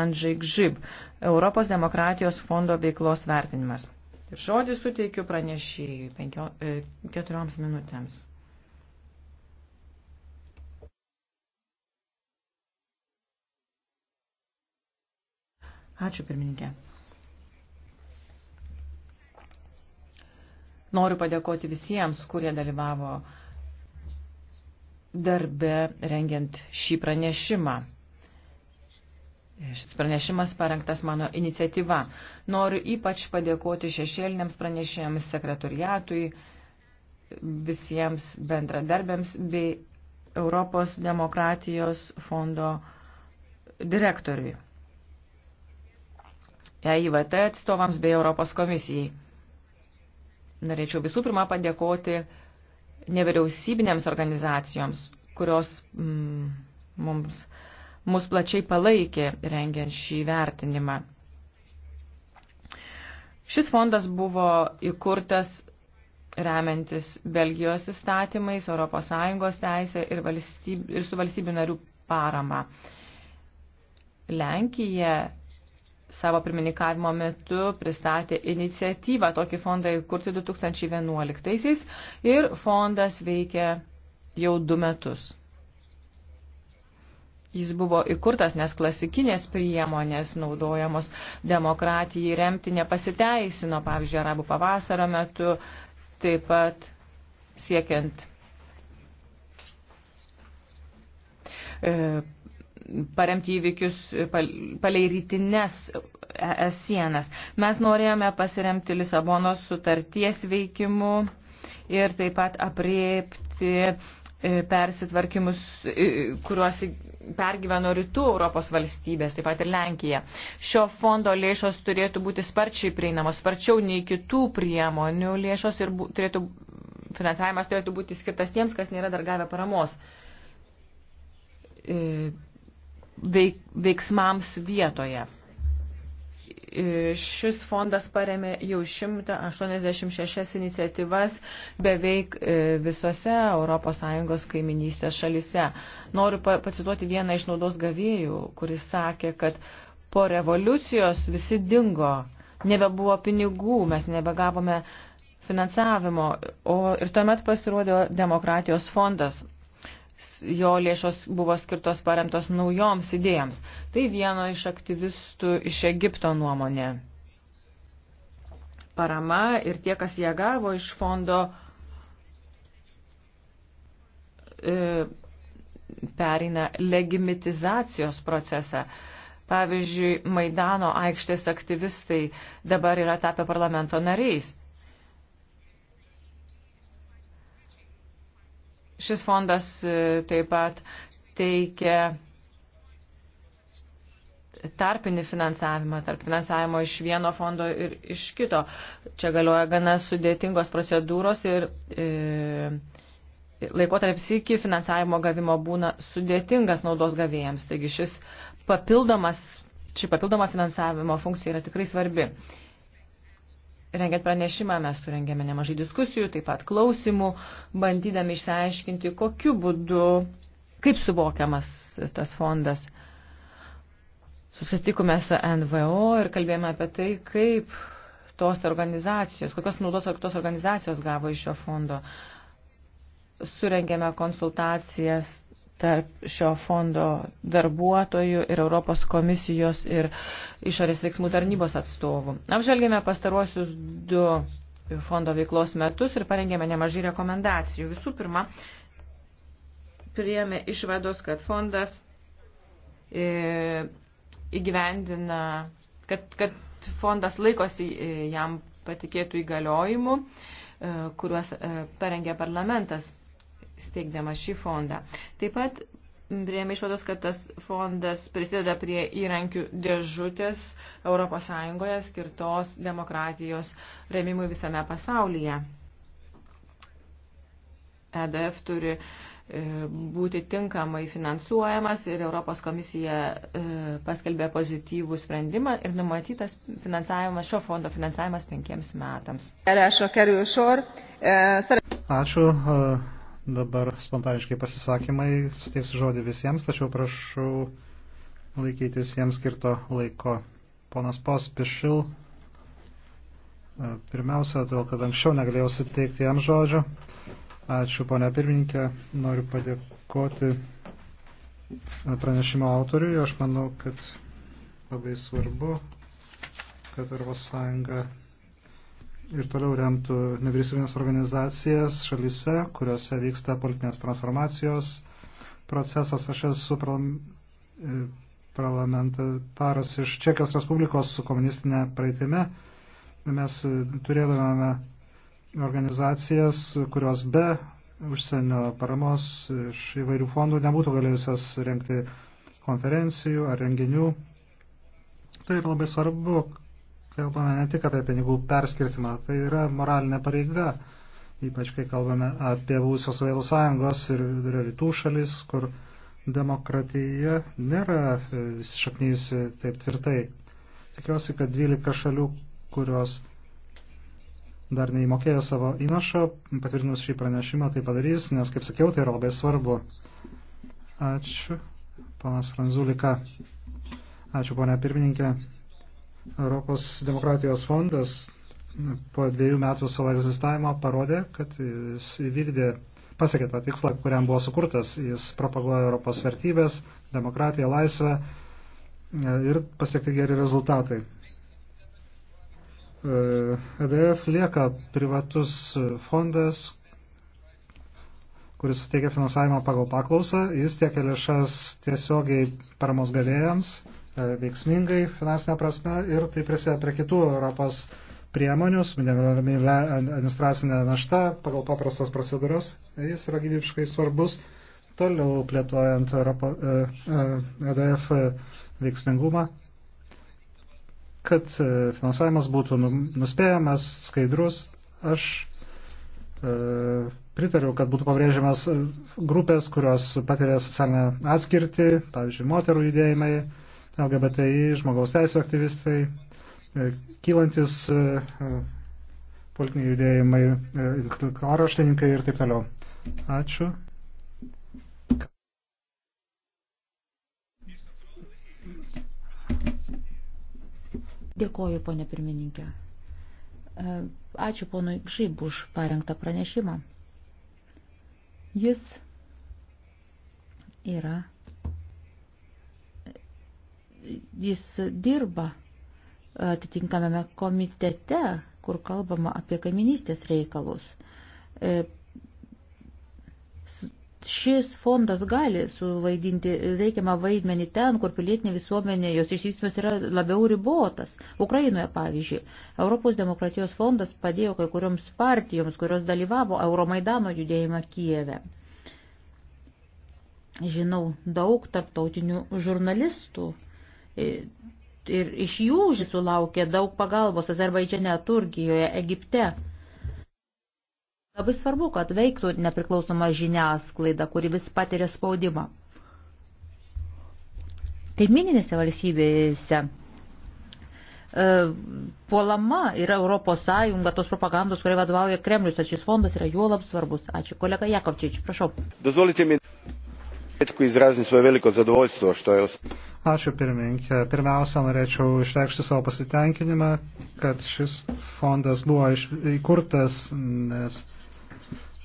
Andžai Gžib, Europos demokratijos fondo veiklos vertinimas. Žodį suteikiu pranešėjui penkio, e, keturioms minutėms. Ačiū pirmininkė. Noriu padėkoti visiems, kurie dalyvavo darbe rengiant šį pranešimą. Šis pranešimas parengtas mano iniciatyva. Noriu ypač padėkoti šešėliniams pranešėjams sekretoriatui, visiems bendradarbėms bei Europos demokratijos fondo direktoriui. EIVT atstovams bei Europos komisijai. Norėčiau visų pirma padėkoti nevyriausybinėms organizacijoms, kurios mm, mums mm, mus plačiai palaikė rengiant šį vertinimą. Šis fondas buvo įkurtas remiantis Belgijos įstatymais, ES teisė ir, valstyb, ir su valstybių narių parama. Lenkija savo pirmininkavimo metu pristatė iniciatyvą tokį fondą įkurti 2011 ir fondas veikia jau du metus. Jis buvo įkurtas, nes klasikinės priemonės naudojamos demokratijai remti nepasiteisino, pavyzdžiui, arabų pavasaro metu, taip pat siekiant e, paremti įvykius palei rytinės ES sienas. Mes norėjome pasiremti Lisabonos sutarties veikimu ir taip pat apriepti E, persitvarkimus, e, kuriuos pergyveno rytų Europos valstybės, taip pat ir Lenkija. Šio fondo lėšos turėtų būti sparčiai prieinamos, sparčiau nei kitų priemonių lėšos ir turėtų, finansavimas turėtų būti skirtas tiems, kas nėra dar gavę paramos e, veiksmams vietoje šis fondas paremė jau 186 iniciatyvas beveik e, visose ES kaiminystės šalise. Noriu pacituoti vieną iš naudos gavėjų, kuris sakė, kad po revoliucijos visi dingo, nebebuvo pinigų, mes nebegavome finansavimo, o ir tuomet pasirodė demokratijos fondas jo lėšos buvo skirtos paremtos naujoms idėjams. Tai vieno iš aktyvistų iš Egipto nuomonė. Parama ir tie, kas ją gavo iš fondo, e, perina legimitizacijos procesą. Pavyzdžiui, Maidano aikštės aktyvistai dabar yra tapę parlamento nariais. Šis fondas e, taip pat teikia tarpinį finansavimą, tarp finansavimo iš vieno fondo ir iš kito. Čia galioja gana sudėtingos procedūros ir e, laikotarpis iki finansavimo gavimo būna sudėtingas naudos gavėjams. Taigi šis papildomas, ši papildoma finansavimo funkcija yra tikrai svarbi. E, rengiant pranešimą mes surengėme nemažai diskusijų, taip pat klausimų, bandydami išsiaiškinti, kokiu būdu, kaip suvokiamas tas fondas. Susitikome su NVO ir kalbėjome apie tai, kaip tos organizacijos, kokios naudos tos organizacijos gavo iš šio fondo. Surengėme konsultacijas tarp šio fondo darbuotojų ir Europos komisijos ir išorės veiksmų tarnybos atstovų. Apžvelgėme pastaruosius du fondo veiklos metus ir parengėme nemažai rekomendacijų. Visų pirma, priėmė išvados, kad fondas e, įgyvendina, kad, kad fondas laikosi e, jam patikėtų įgaliojimų, e, kuriuos e, parengė parlamentas steigdamas šį fondą. Taip pat priėmė išvados, kad tas fondas prisideda prie įrankių dėžutės ES skirtos demokratijos remimui visame pasaulyje. EDF turi e, būti tinkamai finansuojamas ir Europos komisija e, paskelbė pozityvų sprendimą ir numatytas finansavimas, šio fondo finansavimas penkiems metams. E, Ačiū. Dabar spontaniškai pasisakymai, suteiksiu žodį visiems, tačiau prašau laikytis jiems skirto laiko. Ponas Pospišil, e, pirmiausia, todėl kad anksčiau negalėjau suteikti jam žodžio. Ačiū, ponia pirmininkė, noriu padėkoti pranešimo autoriui. Aš manau, kad labai svarbu, kad Europos Sąjunga ir toliau remtų nevyriausybinės organizacijas šalyse, kuriuose vyksta politinės transformacijos procesas. Aš esu e, parlamentaras iš Čekijos Respublikos su komunistinė praeitime. Mes e, turėdavome organizacijas, kurios be užsienio paramos iš įvairių fondų nebūtų galėjusios rengti konferencijų ar renginių. Tai yra labai svarbu, kalbame ne tik apie pinigų perskirtimą, tai yra moralinė pareiga, ypač kai kalbame apie būsios Vėlų sąjungos ir vidurio rytų šalis, kur demokratija nėra e, įsišaknyjusi taip tvirtai. Tikiuosi, kad 12 šalių, kurios dar neįmokėjo savo įnašo, patvirtinus šį pranešimą, tai padarys, nes, kaip sakiau, tai yra labai svarbu. Ačiū, panas Franzulika. Ačiū, ponia pirmininkė. Europos demokratijos fondas po dviejų metų savo egzistavimo parodė, kad jis įvykdė, pasiekė tą tikslą, kuriam buvo sukurtas. Jis propaguoja Europos vertybės, demokratiją, laisvę e, ir pasiekti geri rezultatai. EDF e lieka privatus fondas, kuris suteikia finansavimą pagal paklausą. Jis tiekia lėšas tiesiogiai paramos gavėjams E, veiksmingai finansinę prasme ir tai prisideda prie kitų Europos priemonių, su minimalią administracinę naštą pagal paprastas procedūras. Jis yra gyvybiškai svarbus toliau plėtojant Europo, EDF e, e veiksmingumą, kad finansavimas būtų nu, nuspėjamas, skaidrus. Aš pritariu, kad būtų pabrėžiamas grupės, kurios patiria socialinę atskirtį, pavyzdžiui, moterų judėjimai, LGBTI, žmogaus teisų aktyvistai, e, kylantis e, e, politiniai judėjimai, karaštininkai ir taip toliau. Ačiū. Dėkoju, ponė pirmininkė. Ačiū ponui Gžyb už parengtą pranešimą. Jis yra jis dirba atitinkamame komitete, kur kalbama apie kaiminystės reikalus. E, šis fondas gali suvaidinti reikiamą vaidmenį ten, kur pilietinė visuomenė, jos išsivystymas yra labiau ribotas. Ukrainoje, pavyzdžiui, Europos demokratijos fondas padėjo kai kurioms partijoms, kurios dalyvavo Euromaidano judėjimą Kijeve. Žinau daug tarptautinių žurnalistų, E, ir iš jų sulaukė daug pagalbos Azerbaidžiane, Turkijoje, Egipte. Labai svarbu, kad veiktų nepriklausoma žiniasklaida, kuri vis patiria spaudimą. Kaimininėse valstybėse e, puolama yra Europos Sąjunga, tos propagandos, kurie vadovauja Kremlius, ar šis fondas yra juolab svarbus. Ačiū, kolega Jakovčič, prašau. Dozvolite min. Ačiū pirmininkė. Pirmiausia, norėčiau išreikšti savo pasitenkinimą, kad šis fondas buvo iš, įkurtas, nes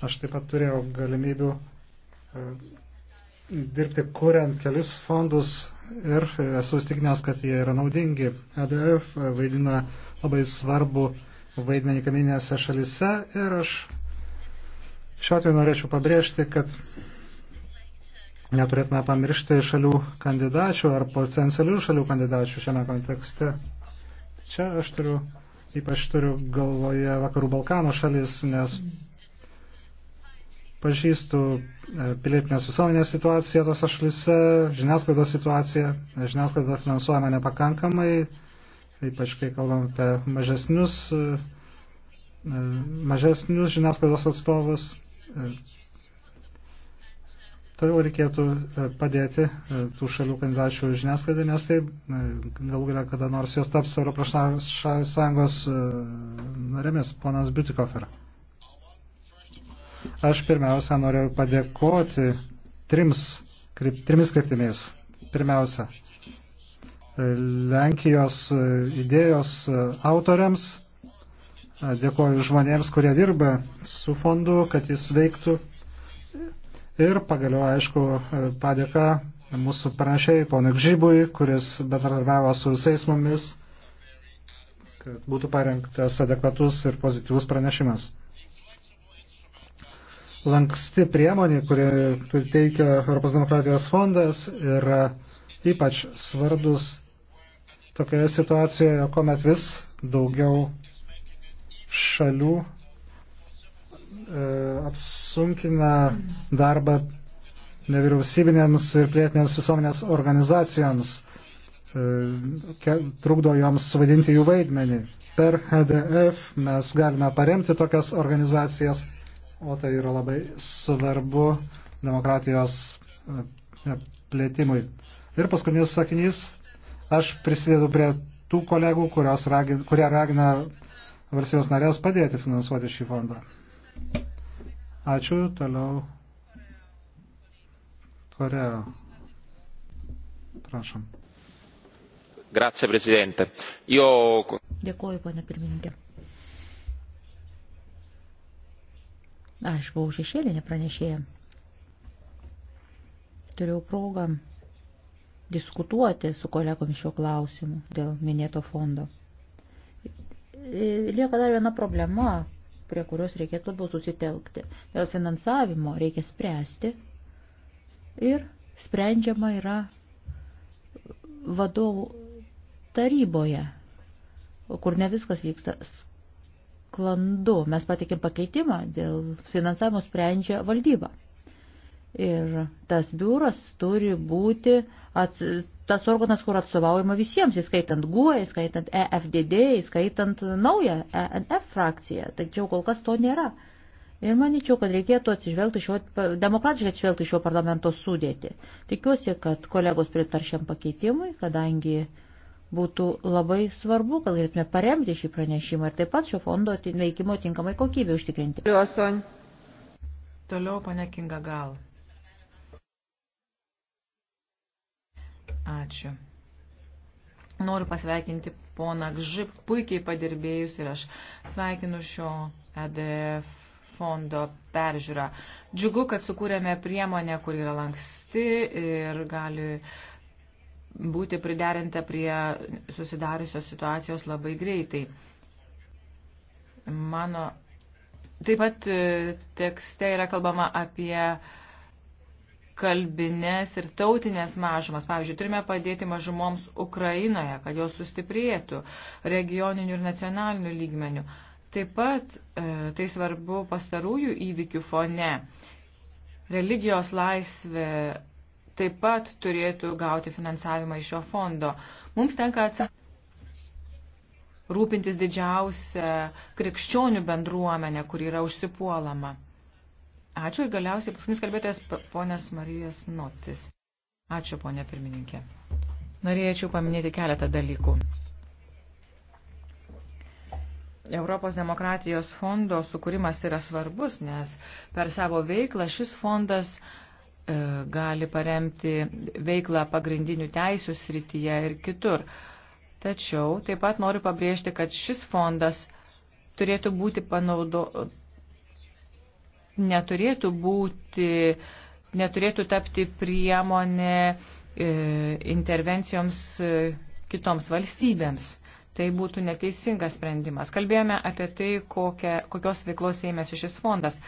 aš taip pat turėjau galimybių e, dirbti kuriant kelis fondus ir esu įstikinęs, kad jie yra naudingi. EDF vaidina labai svarbu vaidmenį kaminėse šalise ir aš šiuo atveju norėčiau pabrėžti, kad neturėtume pamiršti šalių kandidačių ar potencialių šalių kandidačių šiame kontekste. Čia aš turiu, ypač turiu galvoje Vakarų Balkanų šalis, nes pažįstu e, pilietinės visuomenės situaciją tose šalise, žiniasklaidos situaciją. E, Žiniasklaida finansuojama nepakankamai, ypač kai kalbam apie mažesnius, e, mažesnius žiniasklaidos atstovus Todėl reikėtų e, padėti e, tų šalių kandidačių žiniasklaidai, nes tai e, galų galia kada nors jos taps Europos Sąjungos narėmis, ponas Biutikofer. Aš pirmiausia noriu padėkoti trims, kryp, trimis kryptimis. Pirmiausia, Lenkijos idėjos autoriams. Dėkoju žmonėms, kurie dirba su fondu, kad jis veiktų Ir pagaliau, aišku, padėka mūsų panašiai ponui Gžybui, kuris bendradarbiavo su visais mumis, kad būtų parengtas adekvatus ir pozityvus pranešimas. Lanksti priemonė, kuri teikia Europos demokratijos fondas, yra ypač svarbus tokioje situacijoje, kuomet vis daugiau šalių E, apsunkina darbą nevyriausybinėms ir plėtinėms visuomenės organizacijoms, e, trukdo joms suvaidinti jų vaidmenį. Per HDF mes galime paremti tokias organizacijas, o tai yra labai svarbu demokratijos e, plėtimui. Ir paskutinis sakinys, aš prisidedu prie tų kolegų, ragin, kurie ragina valstybės narės padėti finansuoti šį fondą. Ačiū, toliau Korea. Prašom. Grazie, prezidente. Io... Dėkuoju, ponė pirmininkė. Aš buvau šešėlinė pranešėja. Turėjau progą diskutuoti su kolegomis šiuo klausimu dėl minėto fondo. Lieka dar viena problema, prie kurios reikėtų labiau susitelkti. Dėl finansavimo reikia spręsti ir sprendžiama yra vadovų taryboje, kur ne viskas vyksta sklandu. Mes patikėm pakeitimą, dėl finansavimo sprendžia valdyba. Ir tas biuras turi būti ats, tas organas, kur atstovaujama visiems, įskaitant GUE, įskaitant EFDD, įskaitant naują ENF frakciją. Tačiau kol kas to nėra. Ir manyčiau, kad reikėtų atsižvelgti šio, demokratiškai atsižvelgti šio parlamento sudėti. Tikiuosi, kad kolegos pritar šiam pakeitimui, kadangi būtų labai svarbu, kad galėtume paremti šį pranešimą ir taip pat šio fondo veikimo tinkamai kokybę užtikrinti. Toliau, pane Kinga, gal. Ačiū. Noriu pasveikinti poną Gžip, puikiai padirbėjus ir aš sveikinu šio EDF fondo peržiūrą. Džiugu, kad sukūrėme priemonę, kur yra lanksti ir gali būti priderinta prie susidariusios situacijos labai greitai. Mano taip pat e, tekste yra kalbama apie uh, kalbinės ir tautinės mažumas. Pavyzdžiui, turime padėti mažumoms Ukrainoje, kad jos sustiprėtų regioninių ir nacionalinių lygmenių. Taip pat e, tai svarbu pastarųjų įvykių fone. Religijos laisvė taip pat turėtų gauti finansavimą iš šio fondo. Mums tenka atsakyti rūpintis didžiausią krikščionių bendruomenę, kur yra užsipuolama. Ačiū ir galiausiai paskutinis kalbėtojas ponės Marijas Notis. Ačiū, ponė pirmininkė. Norėčiau paminėti keletą dalykų. Europos demokratijos fondo sukūrimas yra svarbus, nes per savo veiklą šis fondas e, gali paremti veiklą pagrindinių teisų srityje ir kitur. Tačiau taip pat noriu pabrėžti, kad šis fondas turėtų būti panaudo, neturėtų būti, neturėtų tapti priemonė e, intervencijoms e, kitoms valstybėms. Tai būtų neteisingas sprendimas. Kalbėjome apie tai, kokia, kokios veiklos ėmėsi šis fondas.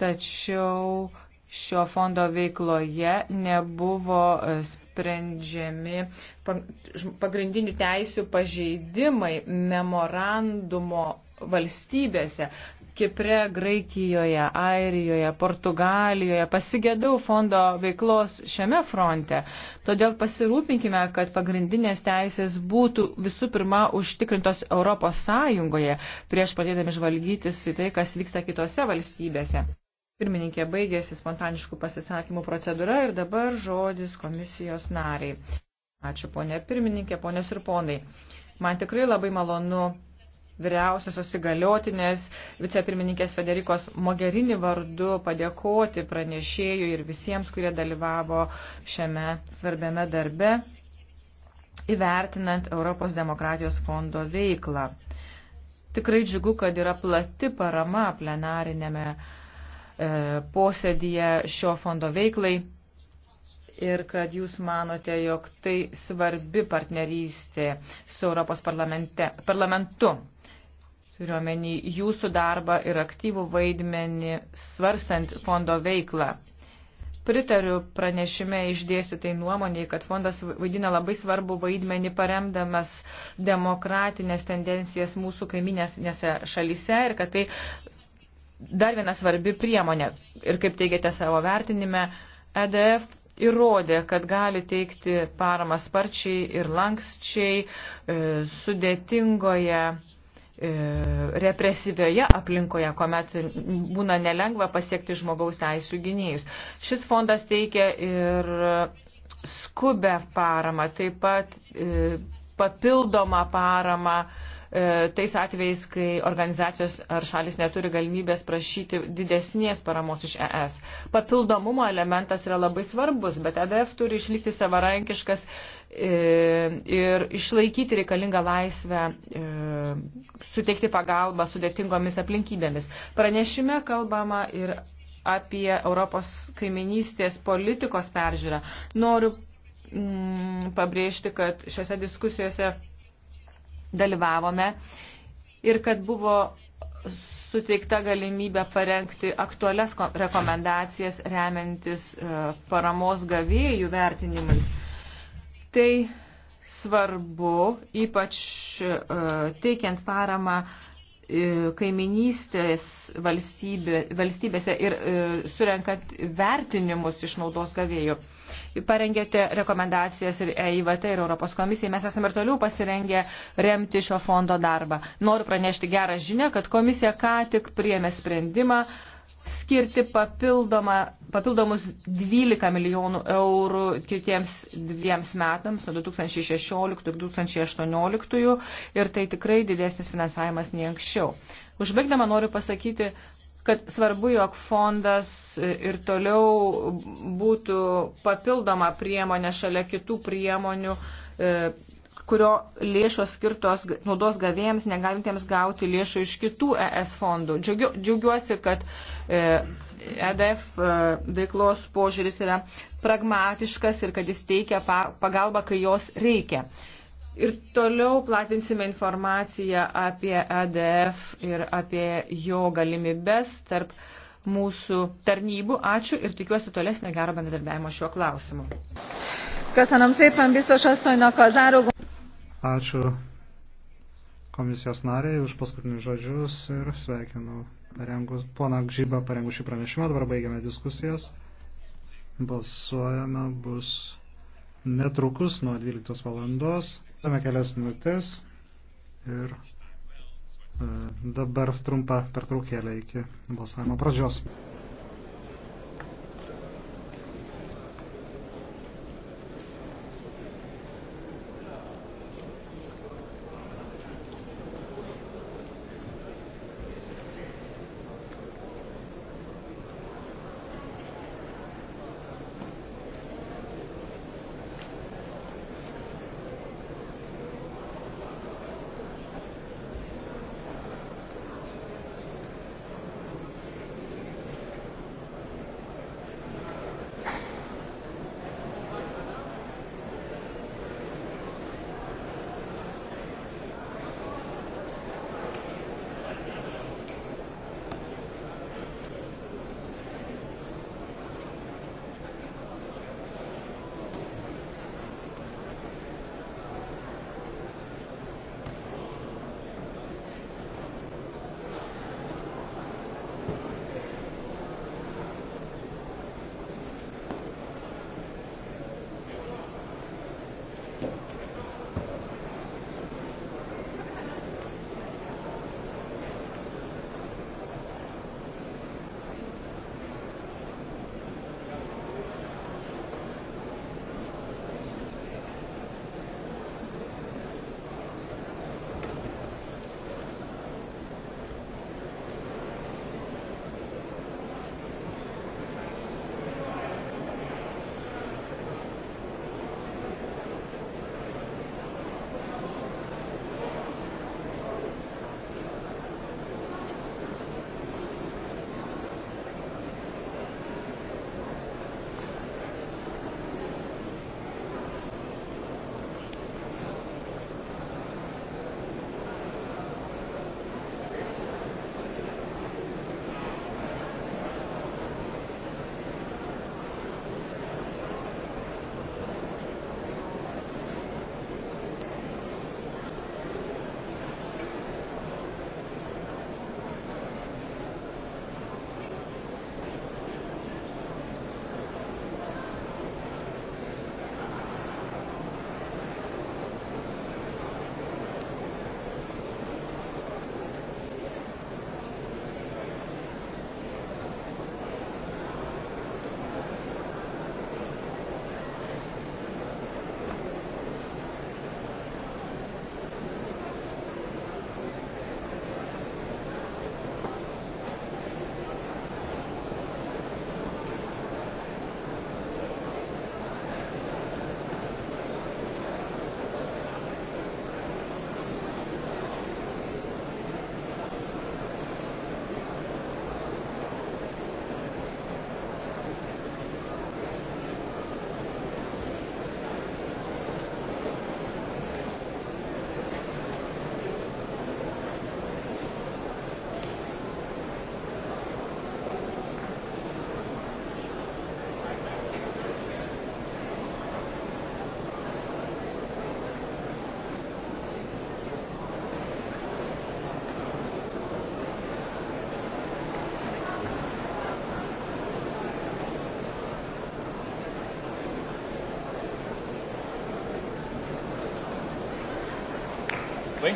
Tačiau uh, šio fondo veikloje nebuvo e, sprendžiami pagrindinių teisių pažeidimai memorandumo valstybėse. Kipre, Graikijoje, Airijoje, Portugalijoje pasigėdau fondo veiklos šiame fronte. Todėl pasirūpinkime, kad pagrindinės teisės būtų visų pirma užtikrintos Europos Sąjungoje prieš padėdami žvalgytis į tai, kas vyksta kitose valstybėse. Pirmininkė baigėsi spontaniškų pasisakymų procedūra ir dabar žodis komisijos nariai. Ačiū ponė pirmininkė, ponės ir ponai. Man tikrai labai malonu vyriausiosios įgaliotinės vicepirmininkės Federikos Mogerini vardu padėkoti pranešėjui ir visiems, kurie dalyvavo šiame svarbiame darbe, įvertinant Europos demokratijos fondo veiklą. Tikrai džiugu, kad yra plati parama plenarinėme E, posėdyje šio fondo veiklai ir kad jūs manote, jog tai svarbi partnerystė su Europos parlamentu. Turiuomenį jūsų darbą ir aktyvų vaidmenį svarstant fondo veiklą. Pritariu pranešime išdėstytai nuomonėje, kad fondas vaidina labai svarbu vaidmenį paremdamas demokratinės tendencijas mūsų kaiminėse šalyse ir kad tai dar viena svarbi priemonė. Ir kaip teigiate savo vertinime, EDF įrodė, kad gali teikti paramą sparčiai ir lankščiai e, sudėtingoje e, represyvioje aplinkoje, kuomet būna nelengva pasiekti žmogaus teisų gynėjus. Šis fondas teikia ir skubę paramą, taip pat e, papildomą paramą E, tais atvejais, kai organizacijos ar šalis neturi galimybės prašyti didesnės paramos iš ES. Papildomumo elementas yra labai svarbus, bet EDF turi išlikti savarankiškas e, ir išlaikyti reikalingą laisvę, e, suteikti pagalbą sudėtingomis aplinkybėmis. Pranešime kalbama ir apie Europos kaiminystės politikos peržiūrą. Noriu mm, pabrėžti, kad šiuose diskusijose dalyvavome ir kad buvo suteikta galimybė parengti aktualias rekomendacijas remiantis e, paramos gavėjų vertinimais. Tai svarbu, ypač e, teikiant paramą e, kaiminystės valstybė, valstybėse ir surenkant vertinimus iš naudos gavėjų parengėte rekomendacijas ir EIVT ir Europos komisijai. Mes esame ir toliau pasirengę remti šio fondo darbą. Noriu pranešti gerą žinę, kad komisija ką tik priėmė sprendimą skirti papildomus 12 milijonų eurų kitiems dviems metams, nuo 2016 ir 2018, ir tai tikrai didesnis finansavimas nei anksčiau. Užbaigdama noriu pasakyti, kad svarbu, jog fondas ir toliau būtų papildoma priemonė šalia kitų priemonių, e, kurio lėšos skirtos naudos gavėjams, negalintiems gauti lėšų iš kitų ES fondų. Džiugiu, džiugiuosi, kad EDF e e, veiklos požiūris yra pragmatiškas ir kad jis teikia pagalbą, kai jos reikia. Ir toliau platinsime informaciją apie ADF e ir apie jo galimybes tarp mūsų tarnybų. Ačiū ir tikiuosi tolesnio gero bendradarbiavimo šiuo klausimu. Ačiū komisijos nariai už paskutinius žodžius ir sveikinu parengus, poną Gžybą parengus šį pranešimą. Dabar baigiame diskusijas. Balsuojame bus netrukus nuo 12 valandos. Turime kelias minutės ir e, dabar trumpa pertraukėlė iki balsavimo pradžios.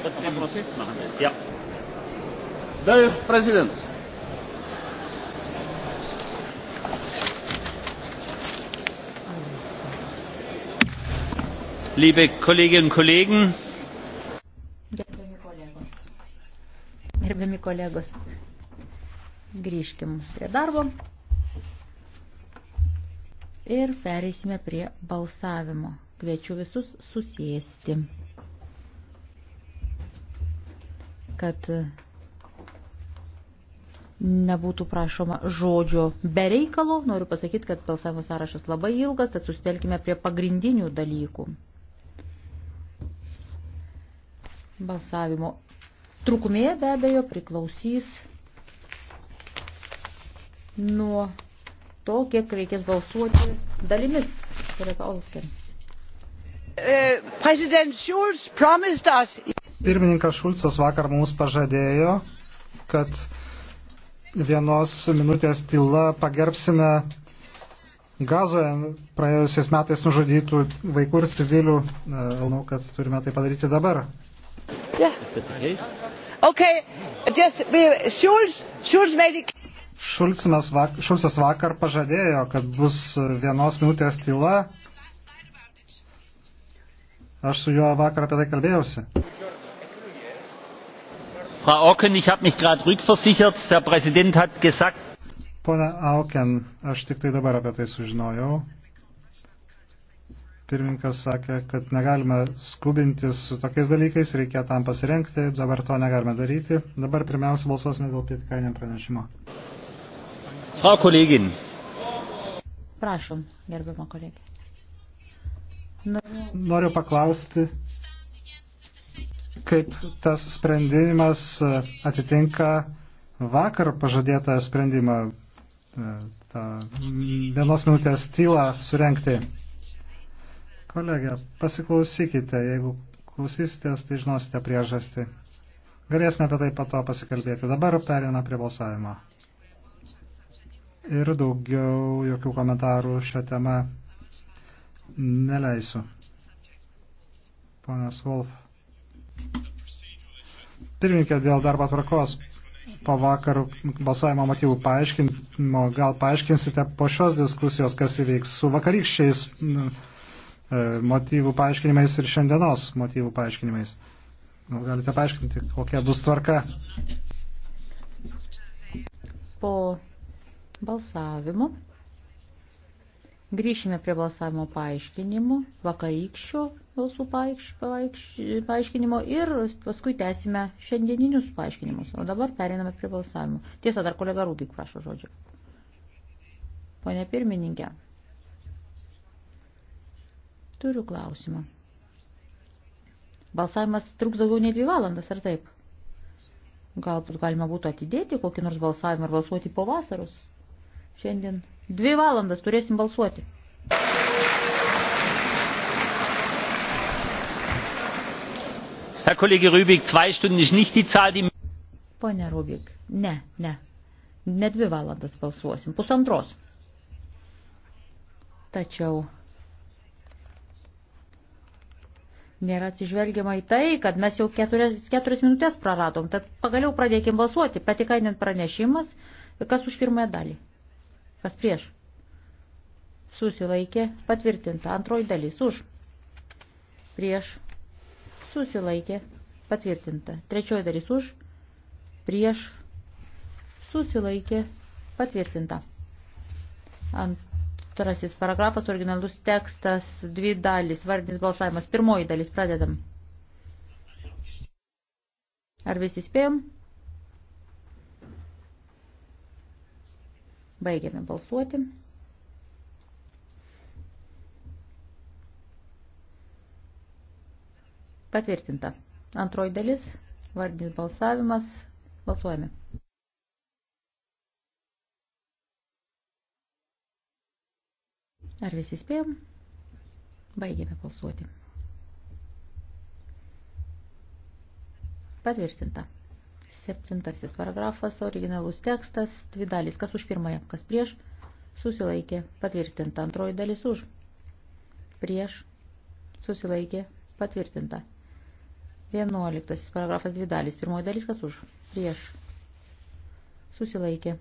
im Prinzip machen will. Ja. Herr Präsident! Liebe Kolleginnen und Kollegen, Gerbiami kolegos, grįžkim prie darbo ir pereisime prie balsavimo. Kviečiu visus susėsti. kad nebūtų prašoma žodžio bereikalo. Noriu pasakyti, kad balsavimo sąrašas labai ilgas, tad susitelkime prie pagrindinių dalykų. Balsavimo trukmė be abejo priklausys nuo to, kiek reikės balsuoti dalimis. Eh, Prezident Schulz promised us. Pirmininkas Šulcas vakar mums pažadėjo, kad vienos minutės tyla pagerbsime gazoje praėjusiais metais nužudytų vaikų ir civilių. Manau, kad turime tai padaryti dabar. Yeah. Okay. Just, Schulz, Schulz made it... Šulcas vakar, Šulcas vakar pažadėjo, kad bus vienos minutės tyla. Aš su juo vakar apie tai kalbėjausi. Frau Auken, ich habe mich gerade rückversichert, der Präsident hat gesagt. Pone Auken, aš tik tai dabar apie tai sužinojau. Pirmininkas sakė, kad negalime skubintis su tokiais dalykais, reikia tam pasirenkti, dabar to negalime daryti. Dabar pirmiausia balsuosime dėl pietikainiam pranešimo. Frau Kollegin. Prašom, gerbimo kolegė. Noriu paklausti, kaip tas sprendimas e, atitinka vakar pažadėtą sprendimą e, tą vienos minutės tylą surenkti. Kolegė, pasiklausykite, jeigu klausysitės, tai žinosite priežastį. Galėsime apie tai pato pasikalbėti. Dabar perina prie balsavimo. Ir daugiau jokių komentarų šią temą neleisiu. Ponas Wolf. Pirmininkė, dėl darbo tvarkos po vakar balsavimo motyvų paaiškinimo, gal paaiškinsite po šios diskusijos, kas įvyks su vakarykščiais e, motyvų paaiškinimais ir šiandienos motyvų paaiškinimais. Gal galite paaiškinti, kokia bus tvarka? Po balsavimo Grįšime prie balsavimo paaiškinimų, vakarykščio balsų paaiš, paaiš, paaiškinimo ir paskui tęsime šiandieninius paaiškinimus. O dabar periname prie balsavimo. Tiesa, dar kolega Rubik prašo žodžio. Pone pirmininkė, turiu klausimą. Balsavimas truks daugiau nei dvi valandas, ar taip? Galbūt galima būtų atidėti kokį nors balsavimą ir balsuoti po vasaros. Šiandien Dvi valandas turėsim balsuoti. Herr Kollege Rübig, zwei Stunden ist nicht die Zahl, die... Pone Rubik, ne, ne. Ne dvi valandas balsuosim, pusantros. Tačiau nėra atsižvelgiama į tai, kad mes jau keturias, keturias minutės praradom. Tad pagaliau pradėkim balsuoti, patikainint pranešimas, kas už pirmąją dalį. Kas prieš? Susilaikė. Patvirtinta. Antroji dalis už. Prieš. Susilaikė. Patvirtinta. Trečioji dalis už. Prieš. Susilaikė. Patvirtinta. Antrasis paragrafas, originalus tekstas, dvi dalis, vardinis balsavimas. Pirmoji dalis, pradedam. Ar visi spėjom? Baigiame balsuoti. Patvirtinta. Antroji dalis, vardinis balsavimas, balsuojame. Ar visi spėjom? Baigėme balsuoti. Patvirtinta. Septintasis paragrafas, originalus tekstas, dvi dalys, kas už pirmąją, kas prieš, susilaikė, patvirtinta, antroji dalis už, prieš, susilaikė, patvirtinta. Vienuoliktasis paragrafas, dvi dalys, pirmoji dalis, kas už, prieš, susilaikė,